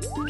Amen.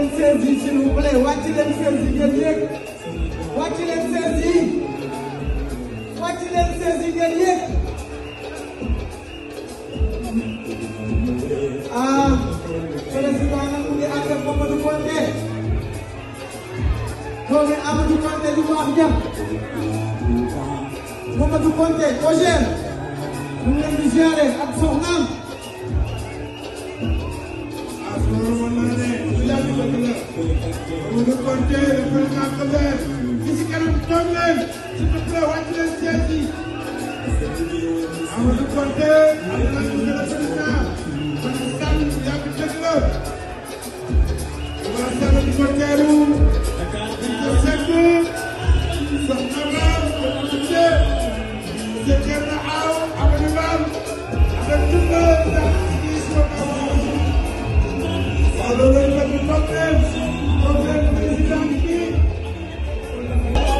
leen chaise yi s'il vous plaît wàcc leen chaise yi ngeen yéeg wàcc leen chaise yi wàcc leen chaise yi ngeen yéeg ah président nag mu ngi ànd ak Mamadou Konté doomi Amadou Konté du baax ñam Mamadou Konté Ogère mu ngi leen di ziare ak soxnaam Doudou Konté le président Kébémer ci si kanam toog leen s'il vous plaît wàcc leen siège yi Amadou Konté am na monsieur le président Macky Sall yàgg dëgg la waa Sall di ko teeru di ko sekk soxna Maam Konté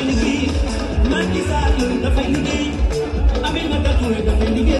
dafay liggéey Macky Sall dafay liggéey Aminata Touré dafay liggéey